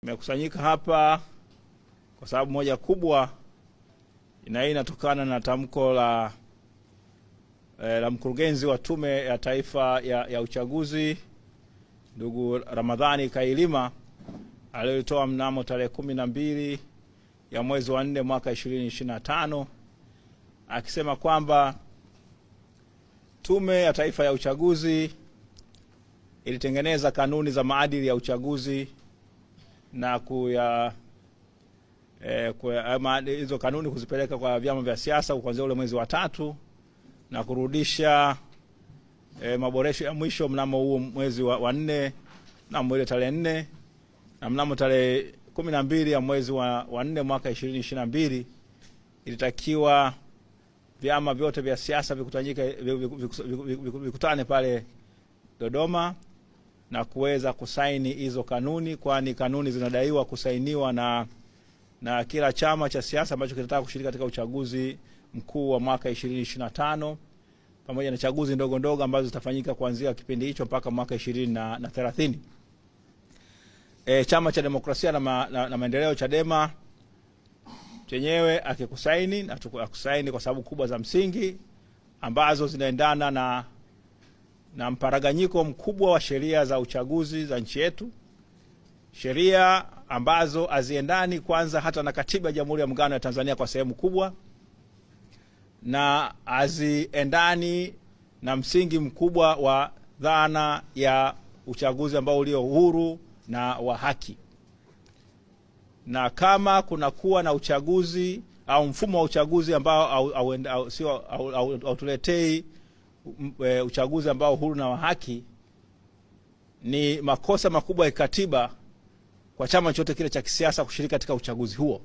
Tumekusanyika hapa kwa sababu moja kubwa, na hii inatokana na tamko la, eh, la mkurugenzi wa Tume ya Taifa ya, ya Uchaguzi ndugu Ramadhani Kailima aliyolitoa mnamo tarehe kumi na mbili ya mwezi wa nne mwaka 2025 akisema kwamba Tume ya Taifa ya Uchaguzi ilitengeneza kanuni za maadili ya uchaguzi na kuya eh, hizo kanuni kuzipeleka kwa vyama vya siasa kuanzia ule mwezi wa tatu na kurudisha eh, maboresho ya mwisho mnamo huo mwezi wa, wa nne mnamo ile tarehe nne na mnamo tarehe kumi na mbili ya mwezi wa, wa nne mwaka ishirini ishirini na mbili ilitakiwa vyama vyote vya siasa vikutane pale Dodoma na kuweza kusaini hizo kanuni, kwani kanuni zinadaiwa kusainiwa na, na kila chama cha siasa ambacho kinataka kushiriki katika uchaguzi mkuu wa mwaka 2025 pamoja na chaguzi ndogo ndogo ambazo zitafanyika kuanzia kipindi hicho mpaka mwaka 2030. E, chama cha demokrasia na, ma, na, na maendeleo Chadema chenyewe akikusaini na akusaini kwa sababu kubwa za msingi ambazo zinaendana na na mparaganyiko mkubwa wa sheria za uchaguzi za nchi yetu, sheria ambazo haziendani kwanza hata na katiba ya Jamhuri ya Muungano ya Tanzania kwa sehemu kubwa, na haziendani na msingi mkubwa wa dhana ya uchaguzi ambao ulio huru na wa haki. Na kama kunakuwa na uchaguzi au mfumo wa uchaguzi ambao hautuletei Eh, uchaguzi ambao huru na wa haki, ni makosa makubwa ya kikatiba kwa chama chote kile cha kisiasa kushiriki katika uchaguzi huo.